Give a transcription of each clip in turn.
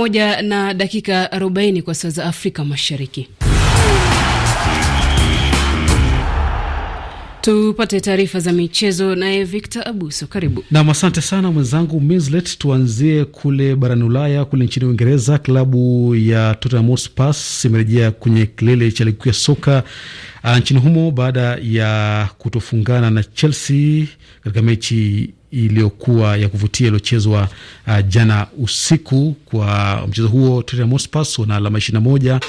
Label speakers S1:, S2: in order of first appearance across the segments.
S1: moja na dakika 40 kwa saa za Afrika Mashariki. Tupate taarifa za michezo naye Victor Abuso, karibu
S2: nam. Asante sana mwenzangu Mislet. Tuanzie kule barani Ulaya, kule nchini Uingereza, klabu ya Tottenham Hotspur imerejea kwenye kilele cha ligi ya soka ah, nchini humo baada ya kutofungana na Chelsea katika mechi iliyokuwa ya kuvutia iliyochezwa uh, jana usiku. Kwa mchezo huo Tottenham Hotspur wana alama ishirini na moja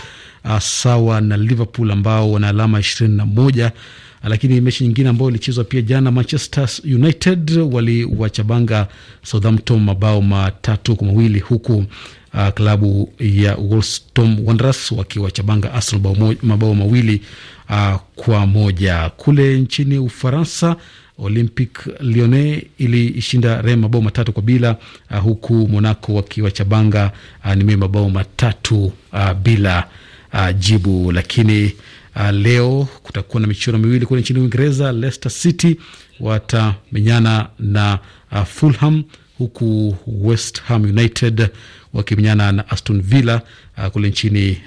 S2: uh, sawa na Liverpool ambao wana alama ishirini na moja uh, lakini mechi nyingine ambayo ilichezwa pia jana, Manchester United waliwachabanga Southampton mabao matatu kwa mawili huku uh, klabu ya Wolverhampton Wanderers wakiwachabanga Arsenal mabao mawili uh, kwa moja. Kule nchini Ufaransa Olympic Lyonnais iliishinda Rem mabao matatu kwa bila, uh, huku Monaco wakiwachabanga uh, ah, nime mabao matatu uh, bila uh, jibu. Lakini uh, leo kutakuwa na michuano miwili kule nchini Uingereza. Leicester City watamenyana na uh, Fulham huku West Ham United wakimenyana na Aston Villa uh, kule nchini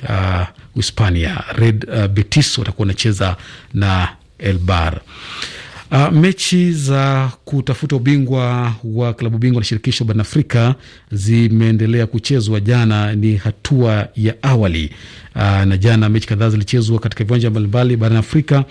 S2: Hispania. Uh, Red uh, Betis watakuwa wanacheza na Elbar. Uh, mechi za kutafuta ubingwa wa klabu bingwa na shirikisho barani Afrika zimeendelea kuchezwa. Jana ni hatua ya awali uh, na jana mechi kadhaa zilichezwa katika viwanja mbalimbali barani Afrika. Uh,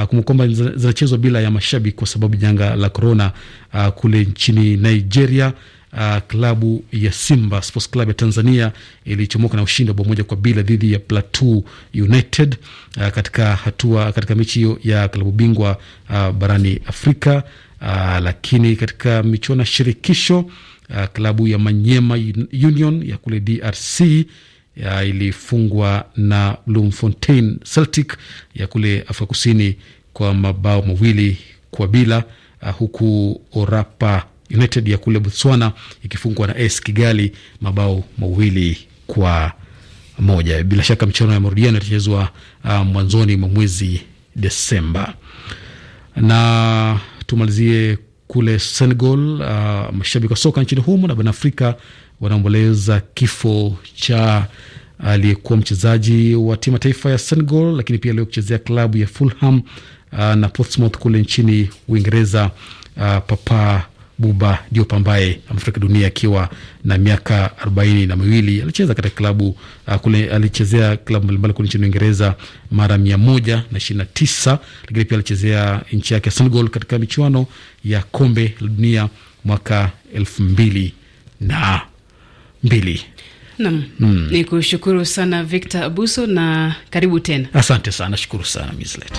S2: ah, kumbukwamba zinachezwa bila ya mashabiki kwa sababu janga la korona uh, kule nchini Nigeria uh, klabu ya Simba Sports Club ya Tanzania ilichomoka na ushindi wa bao moja kwa bila dhidi ya Plateau United uh, katika hatua katika mechi hiyo ya klabu bingwa uh, barani Afrika. Uh, lakini katika michuano ya shirikisho uh, klabu ya Manyema Union ya kule DRC ya uh, ilifungwa na Bloemfontein Celtic ya kule Afrika Kusini kwa mabao mawili kwa bila, uh, huku Orapa United ya kule Botswana ikifungwa na AS Kigali mabao mawili kwa moja. Bila shaka mchezo ya marudiano itachezwa uh, mwanzoni mwa mwezi Desemba. Na tumalizie kule Senegal. Uh, mashabiki wa soka nchini humo na Afrika wanaomboleza kifo cha aliyekuwa mchezaji wa timu taifa ya Senegal, lakini pia aliyochezea klabu ya Fulham uh, na Portsmouth kule nchini Uingereza, uh, Papa Buba Diop ambaye amefariki dunia akiwa na miaka arobaini na miwili. Alicheza katika klabu uh, kule alichezea klabu mbalimbali kule nchini Uingereza mara mia moja na ishirini na tisa, lakini pia alichezea nchi yake Senegal katika michuano ya kombe la dunia mwaka elfu mbili na mbili.
S1: Nam mm. Ni kushukuru sana Victor Abuso na karibu tena.
S2: Asante sana, shukuru sana Mislet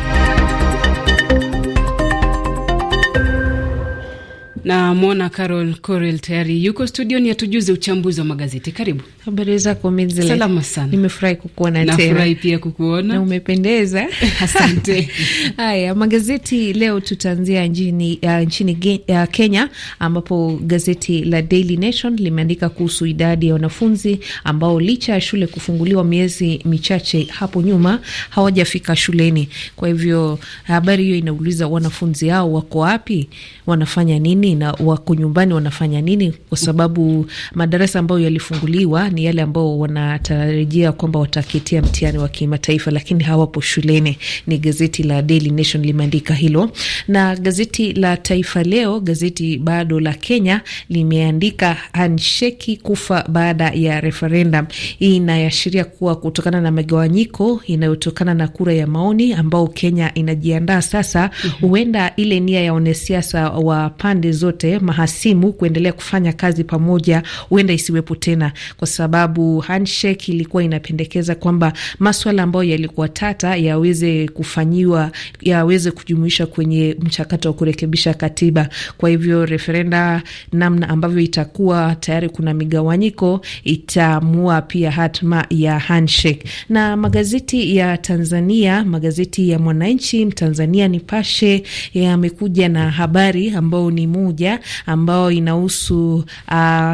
S1: na mwona Carol Corel tayari yuko studioni atujuze uchambuzi wa magazeti. Karibu.
S3: Habari zako Midzile? Salama sana, nimefurahi kukuona tena. Nafurahi pia kukuona na umependeza, asante. Haya, magazeti leo tutaanzia nchini, uh, nchini uh, Kenya ambapo gazeti la Daily Nation limeandika kuhusu idadi ya wanafunzi ambao licha ya shule kufunguliwa miezi michache hapo nyuma hawajafika shuleni. Kwa hivyo habari hiyo inauliza wanafunzi hao wako wapi, wanafanya nini na wako nyumbani wanafanya nini, kwa sababu madarasa ambayo yalifunguliwa ni yale ambao wanatarajia kwamba wataketia mtihani wa kimataifa, lakini hawapo shuleni. Ni gazeti la Daily Nation limeandika hilo, na gazeti la Taifa Leo, gazeti bado la Kenya, limeandika handsheki kufa baada ya referendum. Hii inaashiria kuwa kutokana na magawanyiko inayotokana na kura ya maoni ambao Kenya inajiandaa sasa, mhm. huenda mm -hmm. ile nia ya wanasiasa wa pande zote zote mahasimu kuendelea kufanya kazi pamoja, huenda isiwepo tena, kwa sababu handshake ilikuwa inapendekeza kwamba maswala ambayo yalikuwa tata yaweze kufanyiwa, yaweze kujumuisha kwenye mchakato wa kurekebisha katiba. Kwa hivyo referenda, namna ambavyo itakuwa tayari kuna migawanyiko, itaamua pia hatma ya handshake. Na magazeti ya Tanzania, magazeti ya Mwananchi, Mtanzania, Nipashe yamekuja na habari ambao ni moja moja ambao inahusu uh,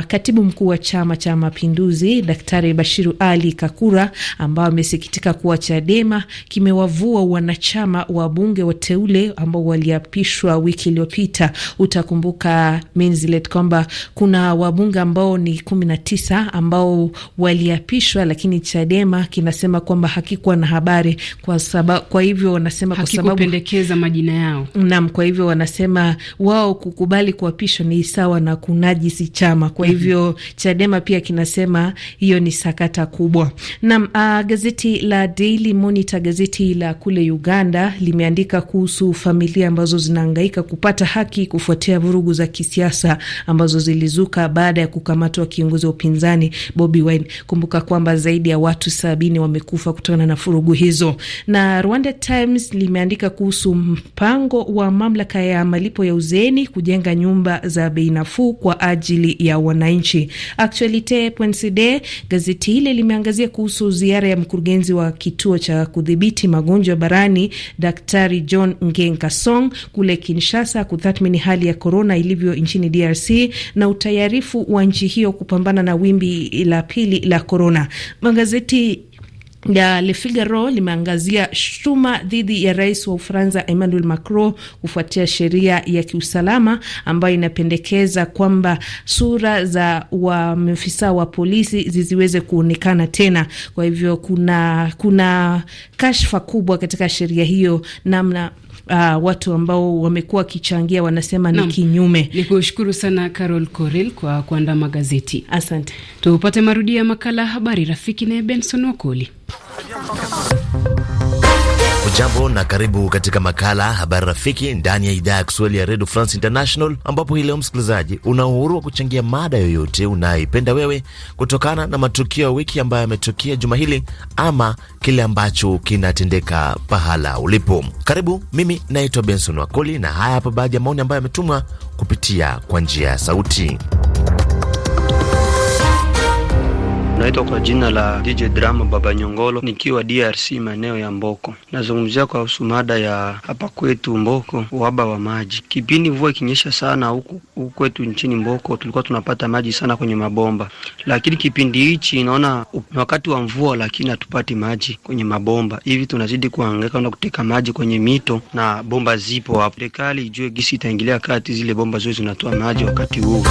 S3: katibu mkuu wa Chama cha Mapinduzi Daktari Bashiru Ali Kakura ambao amesikitika kuwa Chadema kimewavua wanachama wa bunge wateule ambao waliapishwa wiki iliyopita. Utakumbuka Minzilet kwamba kuna wabunge ambao ni kumi na tisa ambao waliapishwa, lakini Chadema kinasema kwamba hakikuwa na habari kwa sababu, kwa hivyo wanasema kwa sababu pendekeza majina yao. kwa hivyo wanasema wao kukubali kuapishwa ni sawa na kunajisi chama. Kwa hivyo Chadema pia kinasema hiyo ni sakata kubwa. Naam, uh, gazeti la Daily Monitor, gazeti la kule Uganda limeandika kuhusu familia ambazo zinahangaika kupata haki kufuatia vurugu za kisiasa ambazo zilizuka baada ya kukamatwa kiongozi wa upinzani Bobi Wine. Kumbuka kwamba zaidi ya watu sabini wamekufa kutokana na furugu hizo. Na Rwanda Times limeandika kuhusu mpango wa mamlaka ya malipo ya uzeeni kujenga nyumba za bei nafuu kwa ajili ya wananchi. Actualite.cd, gazeti hili limeangazia kuhusu ziara ya mkurugenzi wa kituo cha kudhibiti magonjwa barani Daktari John Ngenkasong kule Kinshasa kutathmini hali ya korona ilivyo nchini DRC na utayarifu wa nchi hiyo kupambana na wimbi la pili la korona. Magazeti ya Le Figaro limeangazia shutuma dhidi ya rais wa Ufaransa Emmanuel Macron kufuatia sheria ya kiusalama ambayo inapendekeza kwamba sura za maafisa wa polisi ziziweze kuonekana tena. Kwa hivyo kuna kuna kashfa kubwa katika sheria hiyo, namna uh, watu ambao wamekuwa wakichangia wanasema ni kinyume. Ni
S1: kushukuru sana Carol Corel kwa kuandaa magazeti, asante. Tupate marudio ya makala ya habari rafiki naye Benson Wakoli.
S4: Ujambo na karibu katika makala Habari Rafiki ndani ya idhaa ya Kiswahili ya Radio France International, ambapo hii leo msikilizaji, una uhuru wa kuchangia mada yoyote unayoipenda wewe kutokana na matukio ya wiki ambayo yametokea juma hili ama kile ambacho kinatendeka pahala ulipo. Karibu, mimi naitwa Benson Wakoli na haya hapa baadhi ya maoni ambayo yametumwa kupitia kwa njia ya sauti. Naitwa kwa jina la DJ Drama Baba Nyongolo, nikiwa DRC maeneo ya Mboko. Nazungumzia kwa
S2: husu mada ya hapa kwetu Mboko, uhaba wa maji. Kipindi mvua ikinyesha sana huku huku kwetu nchini Mboko, tulikuwa tunapata maji sana kwenye mabomba, lakini kipindi hichi naona wakati wa mvua, lakini hatupati maji kwenye mabomba. Hivi tunazidi kuhangaika na kuteka maji kwenye mito na bomba zipo hapo. Serikali ijue gisi itaingilia kati zile bomba zote zinatoa maji wakati huu.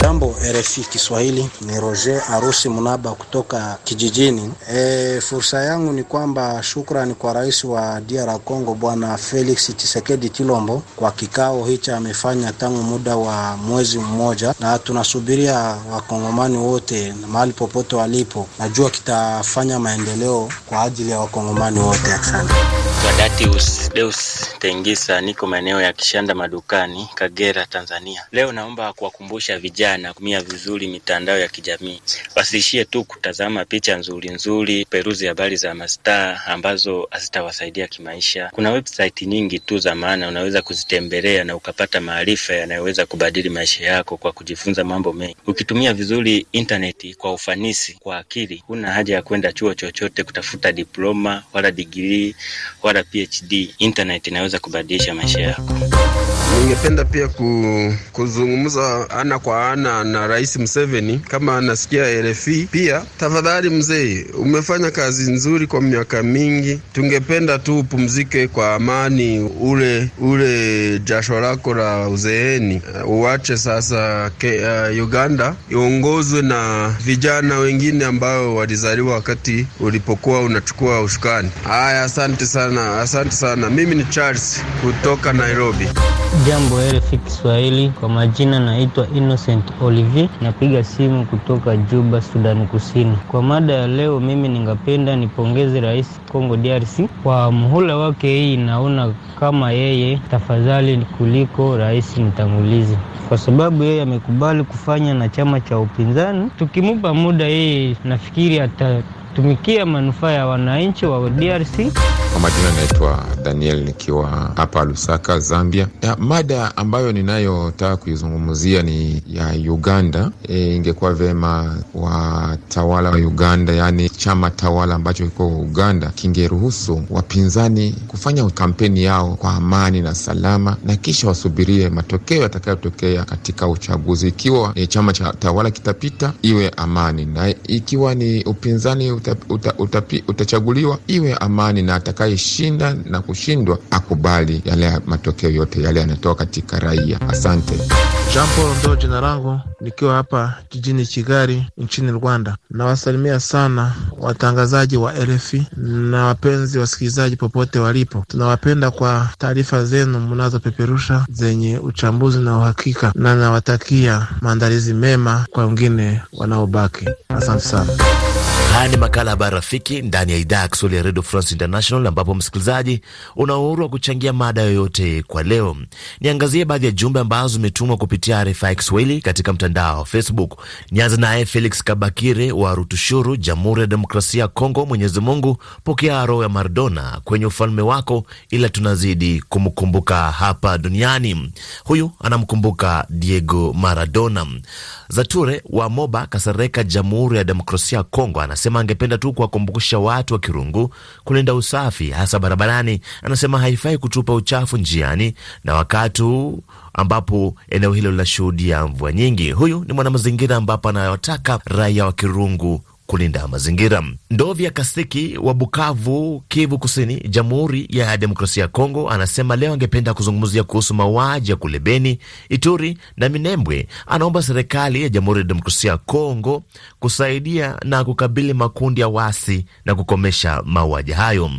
S2: Jambo RFI Kiswahili, ni Roger Arusi Munaba kutoka kijijini. E, fursa yangu ni kwamba shukrani kwa rais wa DR Congo Bwana Felix Tshisekedi Chilombo kwa kikao hichi amefanya tangu muda wa mwezi mmoja, na tunasubiria wakongomani wote mahali popote walipo, najua kitafanya maendeleo kwa ajili ya wakongomani wote. Asante.
S4: Deus, Deus Tengisa, niko maeneo ya Kishanda madukani, Kagera, Tanzania. Leo naomba kuwakumbusha vijana pamoja anatumia vizuri mitandao ya kijamii. Wasiishie tu kutazama picha nzuri nzuri, peruzi habari za mastaa ambazo hazitawasaidia
S5: kimaisha.
S4: Kuna website nyingi tu za maana unaweza kuzitembelea na ukapata maarifa yanayoweza kubadili maisha yako kwa kujifunza mambo mengi. Ukitumia vizuri intaneti kwa ufanisi, kwa akili, huna haja ya kwenda chuo chochote kutafuta diploma wala digrii wala PhD. Intaneti inaweza kubadilisha maisha yako.
S2: Ningependa pia ku, kuzungumza ana kwa ana na Rais Museveni kama anasikia RFI. Pia tafadhali mzee, umefanya kazi nzuri kwa miaka mingi, tungependa tu upumzike kwa amani, ule ule jasho lako la uzeeni uwache sasa. Ke, uh, Uganda iongozwe na vijana wengine ambao walizaliwa wakati ulipokuwa unachukua ushukani. Haya, asante sana, asante sana. Mimi ni Charles kutoka Nairobi.
S1: Jambo RFI Kiswahili, kwa majina naitwa Innocent Olivier, napiga simu kutoka Juba, Sudani Kusini. Kwa mada ya leo, mimi ningapenda nipongeze Rais Kongo DRC kwa muhula wake. Hii naona kama yeye tafadhali kuliko rais mtangulizi, kwa sababu yeye amekubali kufanya na chama cha upinzani. Tukimupa muda, yeye nafikiri ata kutumikia manufaa ya wananchi wa DRC. Kwa majina naitwa
S4: Daniel nikiwa hapa Lusaka, Zambia.
S1: Ya, mada
S4: ambayo ninayotaka kuizungumzia ni ya Uganda. E, ingekuwa vyema watawala wa Uganda, yaani chama tawala ambacho kiko Uganda kingeruhusu wapinzani kufanya kampeni yao kwa amani na salama, na kisha wasubirie matokeo yatakayotokea katika uchaguzi. Ikiwa e, chama cha tawala kitapita, iwe amani, na ikiwa ni upinzani uta, uta, utachaguliwa iwe amani, na atakayeshinda na kushindwa akubali yale matokeo yote yale yanatoka katika raia. Asante.
S5: Paul ndo jina langu
S4: nikiwa hapa jijini Kigali nchini Rwanda. Nawasalimia sana watangazaji wa RFI na wapenzi wasikilizaji popote walipo. Tunawapenda kwa taarifa zenu mnazopeperusha zenye uchambuzi na uhakika, na nawatakia maandalizi mema kwa wengine wanaobaki. Asante sana. Haya ni makala Habari Rafiki ndani ya idhaa ya Kiswahili ya Radio France International, ambapo msikilizaji una uhuru wa kuchangia mada yoyote. Kwa leo niangazie baadhi ya jumbe ambazo zimetumwa kupitia RFI Kiswahili katika mtandao wa Facebook. Nianze naye Felix Kabakire wa Rutushuru, Jamhuri ya Demokrasia ya Kongo. Mwenyezi Mungu, pokea roho ya Maradona kwenye ufalme wako, ila tunazidi kumkumbuka hapa duniani. Huyu anamkumbuka Diego Maradona. Zature wa Moba Kasareka, Jamhuri ya Demokrasia ya Kongo, anasema Anasema angependa tu kuwakumbusha watu wa Kirungu kulinda usafi, hasa barabarani. Anasema haifai kutupa uchafu njiani na wakati ambapo eneo hilo linashuhudia mvua nyingi. Huyu ni mwanamazingira ambapo anawataka raia wa Kirungu kulinda mazingira. Ndovya Kasiki wa Bukavu, Kivu Kusini, Jamhuri ya Demokrasia ya Kongo, anasema leo angependa kuzungumzia kuhusu mauaji ya kule Beni, Ituri na Minembwe. Anaomba serikali ya Jamhuri ya Demokrasia ya Kongo kusaidia na kukabili makundi ya wasi na kukomesha mauaji hayo.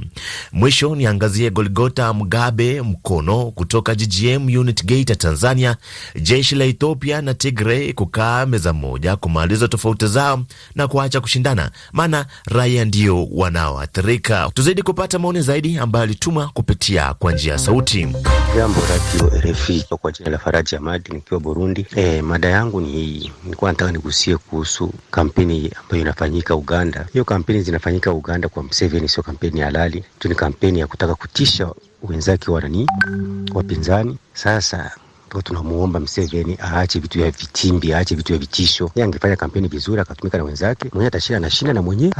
S4: Mwisho niangazie goligota mgabe Mkono kutoka GGM unit Geita, Tanzania. Jeshi la Ethiopia na Tigray kukaa meza moja kumaliza tofauti zao na kuacha kushindana, maana raia ndio wanaoathirika. Tuzidi kupata maoni zaidi ambayo alituma kupitia kwa njia ya sauti. Jambo Radio RFI, kwa jina la Faraji Amadi nikiwa Burundi. E, mada yangu ni hii, nilikuwa nataka nigusie kuhusu kampeni ambayo inafanyika Uganda. Hiyo kampeni zinafanyika Uganda kwa mseveni sio kampeni halali tu, ni kampeni ya kutaka kutisha wenzake wanani wapinzani. Sasa ndo tunamuomba Mseveni aache vitu vya vitimbi, aache vitu vya vitisho. Yeye angefanya kampeni vizuri, akatumika na wenzake, mwenyewe atashinda shinda, na mwenyewe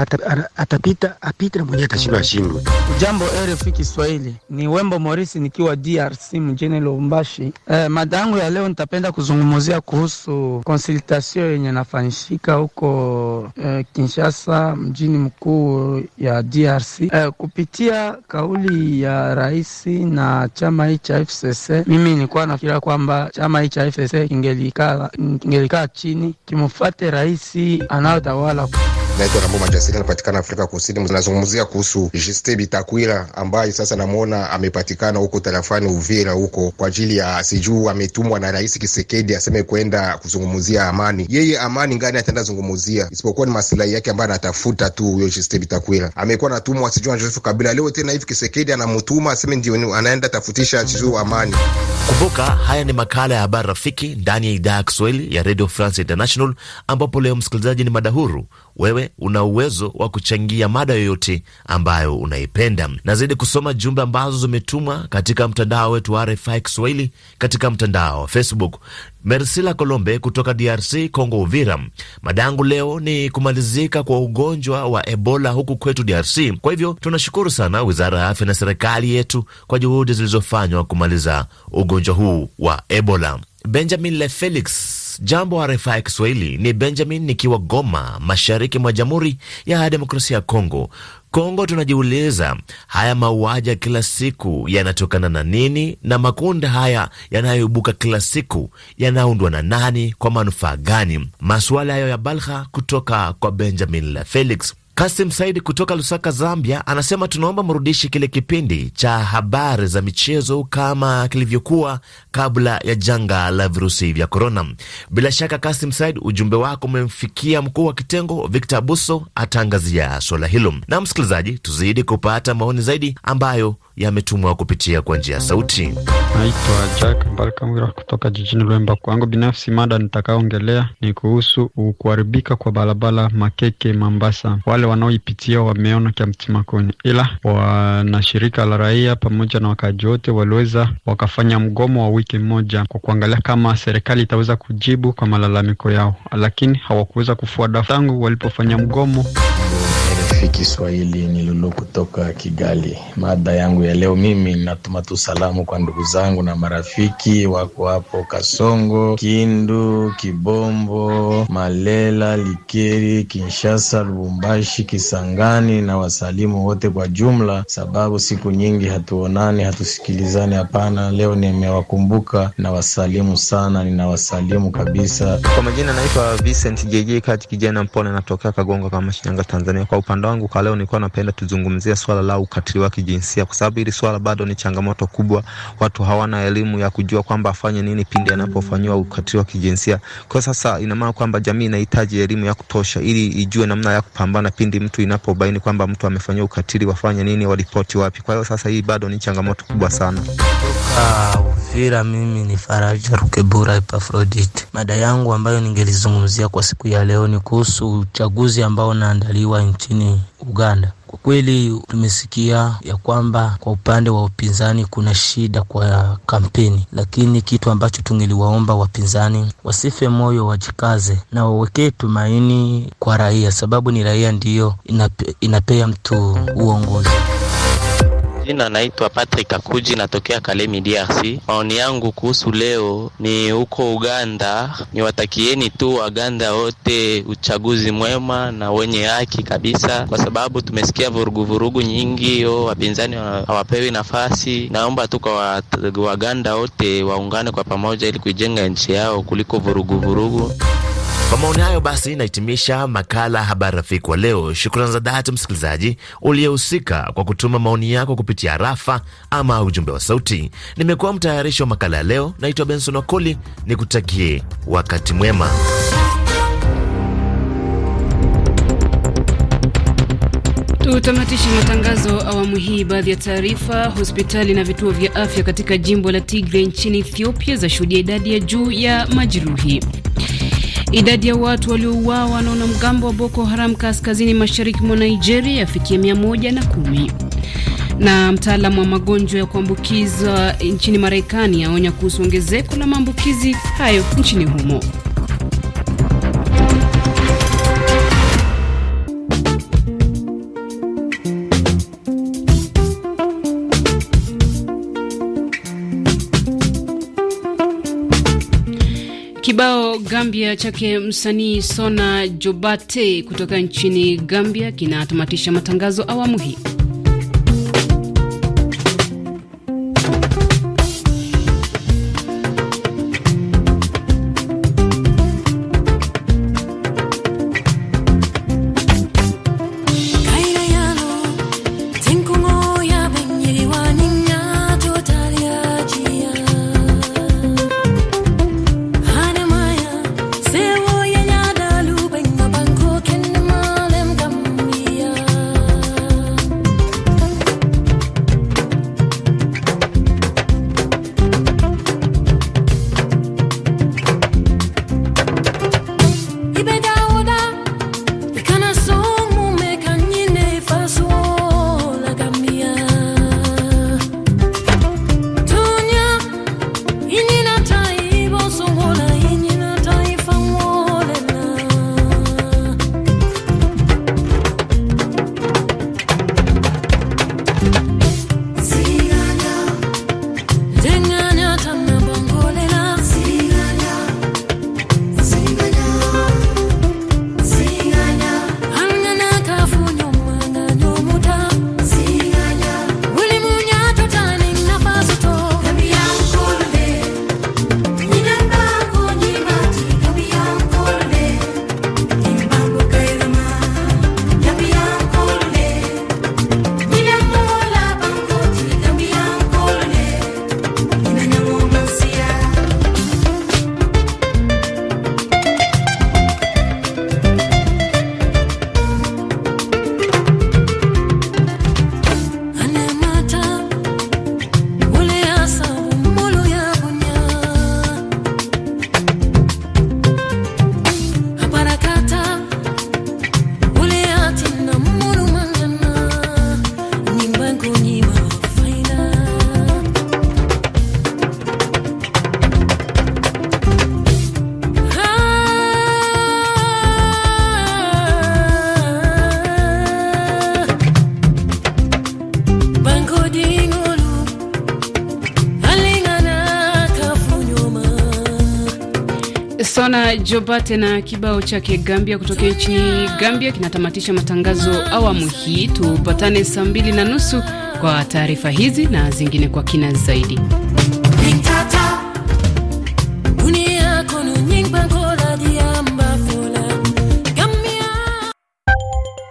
S4: atapita apite, na mwenyewe atashindwa ashindwe.
S2: Jambo RFI Kiswahili, ni Wembo Morisi nikiwa DRC mjini Lubumbashi. Eh, mada yangu ya leo nitapenda kuzungumzia kuhusu konsultasio yenye nafanyishika huko eh, Kinshasa, mjini mkuu ya DRC eh, kupitia kauli ya rais na chama hii cha FCC. Mimi nilikuwa nafikiria kwa kwamba chama hii cha FSA kingelikaa chini kimfuate rais anayotawala
S4: naitwa Nambo Majasiri, anapatikana Afrika Kusini. Nazungumzia kuhusu Juste Bitakwira ambaye sasa namwona amepatikana huko tarafani Uvira huko kwa ajili ya sijuu, ametumwa na Rais Kisekedi aseme kwenda kuzungumzia amani. Yeye amani ngani ataenda zungumzia, isipokuwa ni masilahi yake ambayo anatafuta tu. Huyo Juste Bitakwira amekuwa anatumwa sijuu na Joseph Kabila, leo tena hivi Kisekedi anamutuma aseme ndio anaenda tafutisha sijuu amani. Kumbuka haya ni makala ya habari rafiki ndani ya idhaa ya Kiswahili ya Radio France International, ambapo leo msikilizaji, ni madahuru wewe una uwezo wa kuchangia mada yoyote ambayo unaipenda, na zaidi kusoma jumbe ambazo zimetumwa katika mtandao wetu wa RFI Kiswahili katika mtandao wa Facebook. Mersila Kolombe kutoka DRC congo Uvira. Madangu leo ni kumalizika kwa ugonjwa wa Ebola huku kwetu DRC. Kwa hivyo tunashukuru sana wizara ya afya na serikali yetu kwa juhudi zilizofanywa kumaliza ugonjwa huu wa Ebola. Benjamin Le Felix Jambo ya Kiswahili, ni Benjamin nikiwa Goma, mashariki mwa Jamhuri ya Demokrasia ya Kongo. Kongo tunajiuliza haya mauaji ya kila siku yanatokana na nini, na makundi haya yanayoibuka kila siku yanaundwa na nani, kwa manufaa gani? Masuala hayo ya balha kutoka kwa Benjamin la Felix. Kasim Saidi kutoka Lusaka, Zambia, anasema tunaomba mrudishi kile kipindi cha habari za michezo kama kilivyokuwa kabla ya janga la virusi vya korona. Bila shaka, Kasim Said, ujumbe wako umemfikia mkuu wa kitengo Victor Buso, ataangazia swala hilo. Na msikilizaji, tuzidi kupata maoni zaidi ambayo yametumwa kupitia kwa njia ya sauti. Naitwa Jack
S2: Barkamwira kutoka jijini Lwemba. Kwangu binafsi, mada nitakaongelea ni kuhusu kuharibika kwa barabara Makeke Mambasa. Wale wanaoipitia wameona kya mtimakoni, ila wanashirika la raia pamoja na wakaaji wote waliweza wakafanya mgomo wa wiki moja kwa kuangalia kama serikali itaweza kujibu kwa malalamiko yao, lakini hawakuweza kufua dafu tangu walipofanya mgomo. RFI Kiswahili ni Lulu kutoka Kigali. Mada yangu ya leo, mimi natuma tu salamu kwa ndugu zangu na marafiki wako hapo Kasongo, Kindu, Kibombo, Malela, Likeri, Kinshasa, Lubumbashi, Kisangani na wasalimu wote kwa jumla, sababu siku nyingi hatuonani, hatusikilizani. Hapana, leo nimewakumbuka na wasalimu sana, ninawasalimu kabisa.
S4: Kwa majina naitwa Vincent JJ Kati, kijana mpona, natokea Kagongo kama Shinyanga, Tanzania. Kwa upande mada wangu kwa leo nilikuwa napenda tuzungumzie swala la ukatili wa kijinsia, kwa sababu hili swala bado ni changamoto kubwa. Watu hawana elimu ya kujua kwamba afanye nini pindi anapofanyiwa ukatili wa kijinsia. Kwa sasa, ina maana kwamba jamii inahitaji elimu ya kutosha, ili ijue namna ya kupambana pindi mtu inapobaini kwamba mtu amefanyiwa ukatili, wafanye nini, waripoti wapi. Kwa hiyo sasa, hii bado ni changamoto kubwa sana. Ah, Uvira, mimi ni Faraja Rukebura Epafrodit. Mada yangu ambayo ningelizungumzia kwa siku ya leo ni kuhusu uchaguzi ambao unaandaliwa nchini Uganda. Kwa kweli tumesikia ya kwamba kwa upande wa upinzani kuna shida kwa kampeni, lakini kitu ambacho tungeliwaomba wapinzani wasife moyo, wajikaze na wawekee tumaini kwa raia, sababu ni raia
S1: ndiyo inape, inapea mtu uongozi.
S4: Jina naitwa Patrick Akuji, natokea Kalemi, DRC. Maoni yangu kuhusu leo ni huko Uganda, niwatakieni tu Waganda wote uchaguzi mwema na wenye haki kabisa, kwa sababu tumesikia vuruguvurugu nyingi yo, wapinzani hawapewi nafasi. Naomba tu kwa Waganda wote waungane kwa pamoja ili kuijenga nchi yao kuliko vuruguvurugu vurugu. Kwa maoni hayo basi, nahitimisha makala habari rafiki kwa leo. Shukrani za dhati msikilizaji uliyehusika kwa kutuma maoni yako kupitia rafa ama ujumbe wa sauti. Nimekuwa mtayarishi wa makala ya leo, naitwa Benson Wakoli, nikutakie wakati mwema.
S1: Tutamatishe matangazo awamu hii. Baadhi ya taarifa: hospitali na vituo vya afya katika jimbo la tigre nchini Ethiopia zashuhudia idadi ya juu ya majeruhi. Idadi ya watu waliouawa na wanamgambo wa Boko Haram kaskazini mashariki mwa Nigeria yafikia mia moja na kumi na mtaalamu wa magonjwa ya kuambukiza nchini Marekani aonya kuhusu ongezeko la maambukizi hayo nchini humo. Gambia chake msanii Sona Jobate kutoka nchini Gambia kinatamatisha matangazo awamu hii. Tunaona Jobate na kibao chake Gambia kutokea nchini Gambia kinatamatisha matangazo awamu hii. Tupatane saa mbili na nusu kwa taarifa hizi na zingine kwa kina zaidi.